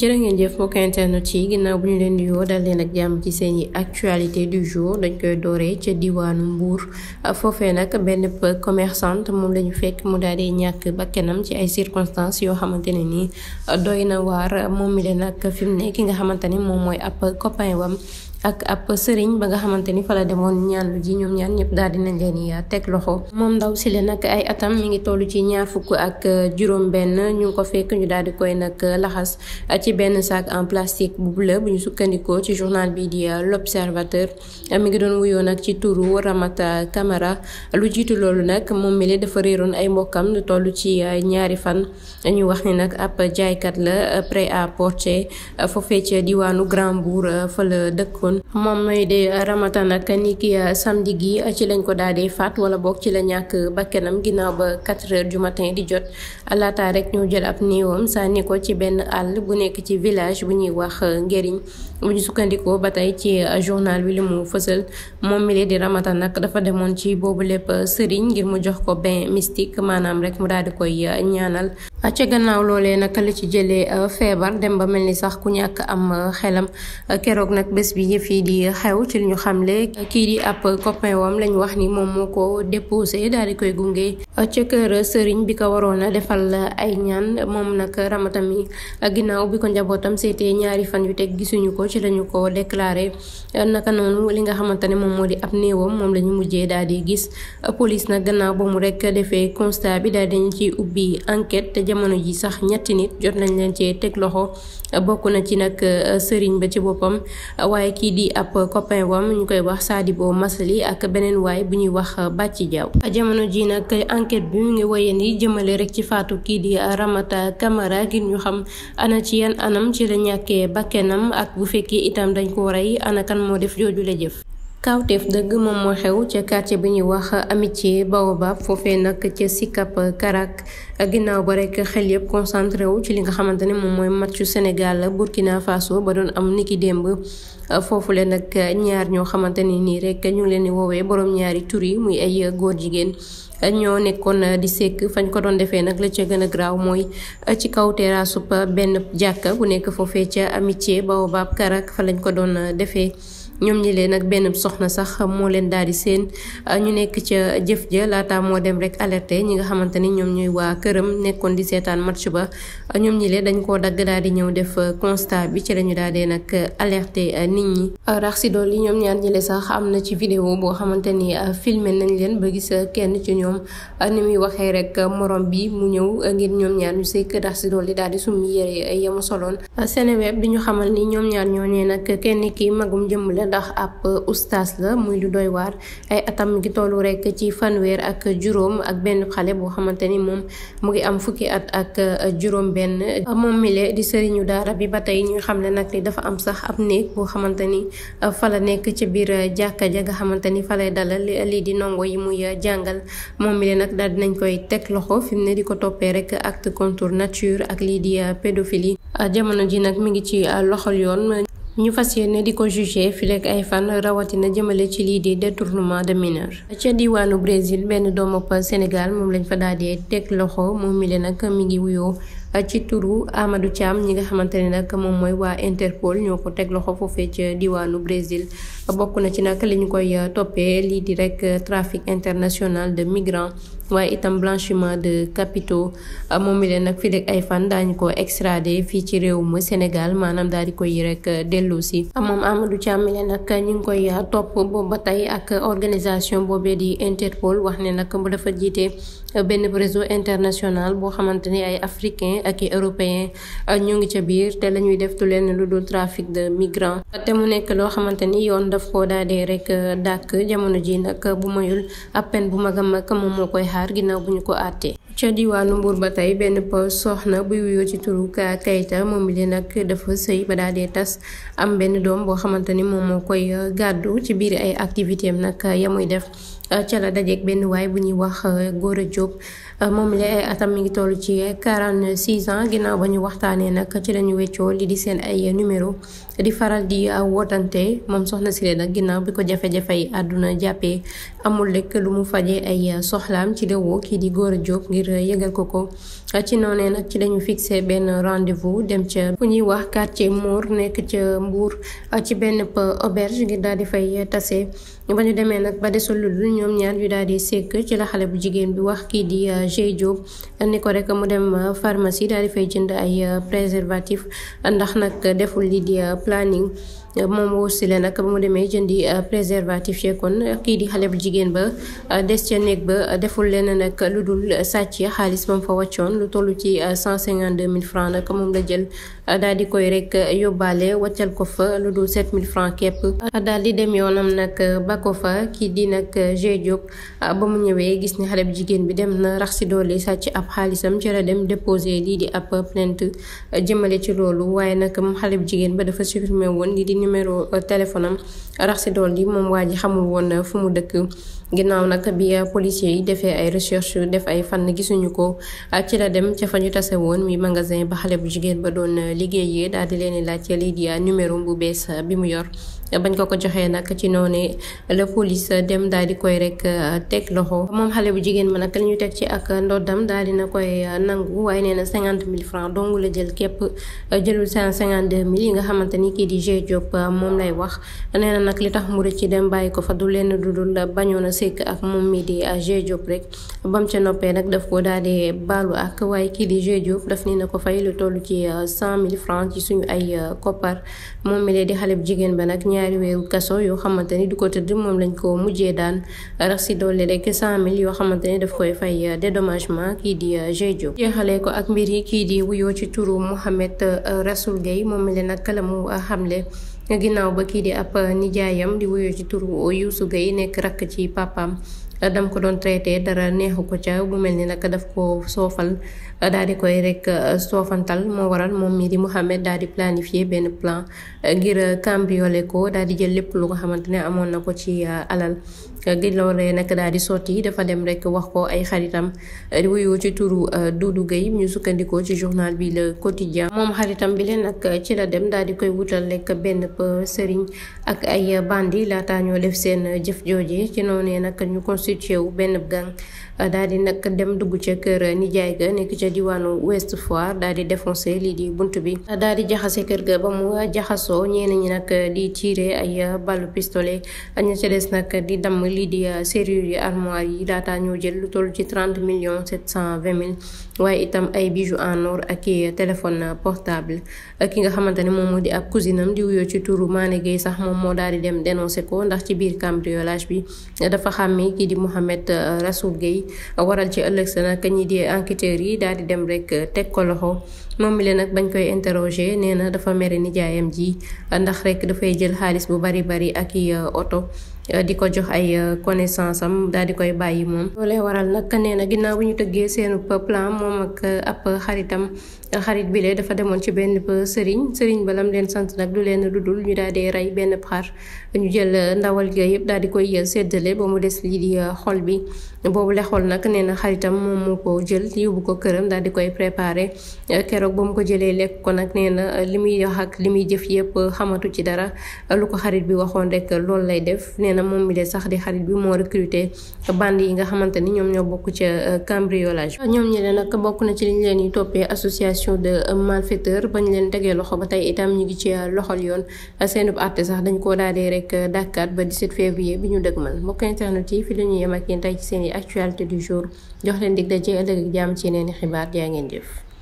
jërë ngeen jëf mbokk internet yi ginnaaw bu ñu leen di yoo dal leen ak jàmm ci seen i actualité du jour dañ koy dooree ca diwaanu Mbour foofee nag benn commerçante moom la fekk mu daal di ñàkk bakkanam ci ay circonstances yoo xamante ne nii doy na waar moom mi leen nag fi mu ne ki nga xamante ni moom mooy ab copain wam ak ab sëriñ ba nga xamante ni fa la demoon ñaan lu ji ñoom ñaan ñëpp daal dinañ leen di uh, teg loxo moom ndaw si le nag ay atam mi ngi tollu ci ñaar fukk ak uh, juróom-benn ñu ko fekk ñu daal di koy nag uh, laxas ci benn sac en plastique bu bleu bu ñu sukkandikoo ci journal bi di l'observateur mi ngi doon wuyoo nag ci turu Ramata kamara lu jiitu loolu nag moom mi dafa réeroon ay mbokkam lu toll ci ñaari fan ñu wax ni nag ab jaaykat la prêt à porter foofee ca diwaanu Grand-Bourg fa la dëkkoon moom may de ramata nag ni ki euh, samedi gi euh, ci lañ ko daal di faat wala boog ci la ñàkk bakkenam ginnaaw ba 4 heures du matin di jot laata rek ñoo jël ab néewam sànni ko ci benn àll bu nekk ci village bu ñuy wax euh, ngeriñ mu ñu ba tey ci euh, journal bi li mu fësal moom mi di Ramata nag dafa demoon ci boobu lépp euh, sëriñ ngir mu jox ko bain mystique maanaam rek mu daal di koy euh, ñaanal. ca gannaaw loolee nag la ci jëlee feebar dem ba mel ni sax ku ñàkk am xelam keroog nag bés bi yëf yi di xew ci li ñu xamle kii di ab copain wam lañ wax ni moom moo ko déposé daal di koy gunge ca kër sëriñ bi ko waroon a defal ay ñaan moom nag Ramata mi ginnaaw bi ko njabootam seetee ñaari fan yu teg gisuñu ko. ci lañu ko déclaré naka noonu li nga xamante ne moom moo di ab néewam moom la ñu mujjee daal di gis police nag gannaaw ba mu rek defee constat bi daal dañu ci ubbi enquête te jamono ji sax ñetti nit jot nañ leen cee teg loxo bokk na ci nag euh, sëriñ ba ci boppam waaye kii di ab copain wam ñu koy wax Sadibou Masali ak beneen waay bu ñuy wax euh, Bàcci Diaw jamono ji nag enquête bi mu ngi woyee ni jëmale rek ci faatu kii di Ramata Camara ngir ñu xam fekki itam dañ ko rey ana anakan moo def jooju la jëf. kawteef dëgg moom mooy xew ca quartier bi ñuy wax amitié baobab foofee nag ca sikap karak ginnaaw ba rek xel yëpp concentré wu ci li nga xamante ne moom mooy matchu Sénégal Burkina Faso ba doon am niki démb foofu foofule nag ñaar ñoo xamante ne nii rek ñu leen di woowee borom ñaari tur yi muy ay góor jigéen. ñoo nekkoon eh, di sekk fañ ko doon defee nag la ca gën a graaw mooy eh, ci kaw terrasse eh, benn jàkka bu nekk foofee ca amitié Baobab Karak fa lañ ko doon defee. ñoom ñi leen ak benn soxna sax moo leen daal di seen ah, ñu nekk ca jëf ja moo dem rek alerté ñi nga xamante ni ñoom ñooy waa këram nekkoon di seetaan match ba ah, ñoom ñi leen dañ koo dagg daal di ñëw def ah, constat bi ci la ñu daal dee nag alerté nit ñi rax si dool yi ñoom ñaar ñi sax am na ci vidéo boo xamante ni filmé nañ leen ba gis kenn ci ñoom ni muy waxee rek morom bi mu ñëw ngir ñoom ñaar ñu sëkk rax si dool yi daal di summi yére yamu soloon Seneweb bi ñu xamal ni ñoom ñaar ñoo nee nag kenn kii magum jëmm la ndax ab oustas la muy lu doy waar ay atam mu ngi tollu rek ci fanweer ak juróom ak benn xale boo xamante ni moom mu ngi am fukki at ak juróom benn moom mile di sëriñu daara bi ba tey ñu xam ne nag li dafa am sax ab néeg boo xamante ni fa la nekk ci biir jàkka ja nga xamante ni fa lay dalal lii di ndongo yi muy jàngal moom mile nag daal dinañ koy teg loxo fi mu ne di ko toppee rek acte contre nature ak lii di pédophilie jamono ji nag mi ngi ci loxol yoon ñu fas yéene di ko jugé fileek ay fan rawatina jëmale ci lii di détournement de mineur ca diwaanu Brésil benn doomu Sénégal moom lañ fa daal di teg loxo moom mi leen nag mi ngi wuyoo ci turu Amadou Thiam ñi nga xamante ne nag moom mooy waa Interpol ñoo ko teg loxo foofee ca diwaanu Brésil bokk na ci nag li koy toppee lii di rek trafic international de migrants. waaye itam blanchiment de capitaux euh, moom mi leen nag fii de ay fan daañu ko extradé fii ci réew mu Sénégal maanaam daal di koy rek euh, dellu si moom du Thiam mi leen nag ñu ngi koy euh, topp boobu ba tey ak organisation boobee di Interpol wax ne nag bu dafa jiite benn réseau international boo xamante ni ay africain ak i européen ñu ngi ca biir te la ñuy def du leen lu dul trafic de migrants te mu nekk loo xamante ni yoon daf koo daadee rek dàkk jamono ji nag bu mayul appen bu mag a mag moom moo koy xaar xaar ginnaaw bu ñu ko àttee ca diwaanu Mbour ba tey benn po soxna buy wuyoo ci turu Ka Keita moom nag dafa sëy ba daal tas am benn doom boo xamante ni moom moo koy gàddu ci biir ay activité am nag ya muy def Euh, ca la dajeeg benn waaye bu ñuy wax euh, Gora Diop euh, moom la ay atam mi ngi toll ci quarante six ans ginnaaw ba ñu waxtaanee nag ci lañu weccoo li di seen ay numéro di faral di wootante moom soxna si leen nag ginnaaw bi ko jafe-jafe àdduna jàppee amul lekk lu mu fajee ay soxlaam ci la kii di Gora Diop ngir yëgal ko ko. ci noonee nag ci lañu fixe benn rendez-vous dem ca fu ñuy wax quartier Mbour nekk ca Mbour euh, ci benn auberge ngir daal di fay tase ba ñu demee nag ba desul lu ñoom ñaar yu daal di sekk ci la xale bu jigéen bi wax kii di G euh, Diop ni ko rek mu dem euh, pharmacie daal di fay jënd ay préservatif ndax nag deful li di planning. moom aussi la nag ba mu demee jëndi euh, préservatif kon kii di xale bu jigéen ba euh, des ca néeg ba deful leen nag lu dul sàcc xaalis ba mu fa wàccoon lu toll ci euh, cent cinquante deux mille francs nag moom la jël daal di koy rek yóbbaale wàccal ko fa lu dul sept mille francs képp daal di dem yoonam nag ba ko fa kii di nag G Diop ba mu ñëwee gis ni xale bu jigéen bi dem na rax si doole sàcc ab xaalisam ci la dem déposé lii di ab plainte jëmale ci loolu waaye nag moom xale bu numéro euh, téléphone am rax si dool moom waa ji xamul woon na euh, fu mu dëkk ginnaaw nag bi eh, policiers yi defee ay recherche def ay fan gisuñu ko eh, ci la dem ca fa ñu tase woon mi magasin ba xale bu jigéen ba doon eh, liggéeyee daal di leen laaj lii di numéro bu bees bi mu yor bañ ko ko joxee nag ci noonu la police dem daal di koy rek teg loxo moom xale bu jigéen ma nag la ñu teg ci ak ndoddam daal na koy nangu waaye nee na cinquante mille francs dong la jël képp jëlul cent cinquante deux mille yi nga xamante ni kii di G Diop moom lay wax nee na li tax mu ci dem bàyyi ko fa du lenn dudul bañoon sekk ak moom mi di G Diop rek bam ca noppee nag daf ko daal di baalu ak waaye kii di G daf ni na ko fay lu toll ci euh, cent mille francs ci suñu ay euh, koppar moom mi di xale bu jigéen ba nag ñaari weeru kaso yoo xamante ni du ko tëdd moom lañ ko mujjee daan rax si dolli rek cent mille yoo xamante ni daf koy fay euh, dédommagement kii di G Diop jeexalee ko ak mbir yi kii di wuyoo ci turu Mohamed Rasoul Gueye moom mi nag kala mu ginnaaw ba kii di ab uh, nijaayam di wuyoo ci turu uh, Youssou Gueye nekk rakk ci papaam uh, dam ko doon traité dara neexu ko ca bu mel ni nag daf koo soofal daal di koy rek euh, soofantal moo waral moom mii di Mouhamed daal di planifier benn plan euh, ngir euh, cambrioler ko daal di jël lépp lu nga xamante ne amoon na ko ci alal gi loolee nag daal di sotti dafa dem rek wax ko ay xaritam wuyu ci turu Doudou Gueye ñu sukkandikoo ci journal bi Le Quotidien moom xaritam bi leen nag ci la dem daal di koy wutal rek benn sëriñ ak ay bandi laata ñoo def seen jëf jooje ci noonu nag ñu constitué wu benn gang daal di nag dem dugg ca kër nijaay ga nekk ca diwaanu Ouest Foire daal di défoncé lii di bunt bi daal di jaxase kër ga ba mu jaxasoo ñeneen ñi nag di tiire ay ballu pistolet ña ca des nag di damm lii di serrure yi armoire yi laata ñoo jël lu toll ci trente millions sept cent vingt mille waaye itam ay bijoux en or ak i téléphone portable ki nga xamante ne moom moo di ab cousinam di wuyoo ci turu Mané Gueye sax moom moo daal di dem dénoncé ko ndax ci biir cambriolage bi dafa xàmmee kii di Mouhamed Rassoul di dem rek euh, teg ko loxo moom mi leen nag bañ koy interroger nee na dafa mere nijaayam ji ndax rek dafay jël xaalis bu bari bari ak i euh, oto Euh, di ko jox ay euh, connaissance am daal di koy bàyyi moom. loolee waral nag nee na ginnaaw bu ñu tëggee seen plan moom ak euh, ab xaritam xarit bi lee dafa demoon ci benn sëriñ sëriñ balam leen sant nag du leen dudul ñu daal di rey benn xar ñu jël ndawal ga yëpp daal di koy séddale ba mu des lii di xol bi boobu le xol nag nee na xaritam moom moo ko jël yóbbu ko këram daal di koy préparé keroog ba mu ko jëlee lekk ko nag nee li muy wax ak li muy jëf yëpp xamatu ci dara lu ko xarit bi waxoon rek loolu lay def. nee na moom sax di xarit bi moo recruter bande yi nga xamante ni ñoom ñoo bokk ca euh, cambriolage ñoom ñi de nag bokk na ci liñ leen di toppee association de malfaiteurs bañ leen tegee loxo ba tey itam ñu ngi ci euh, loxol yoon seenub àtte sax dañ koo daal di rek euh, dàkkaat ba 17 février bi ñu dëgmal mbokk internet yi fi la ñuy yem ak yéen tey ci seen i actualité du jour jox leen dig daje ëllëg ak ci yeneen xibaar jaa ngeen jëf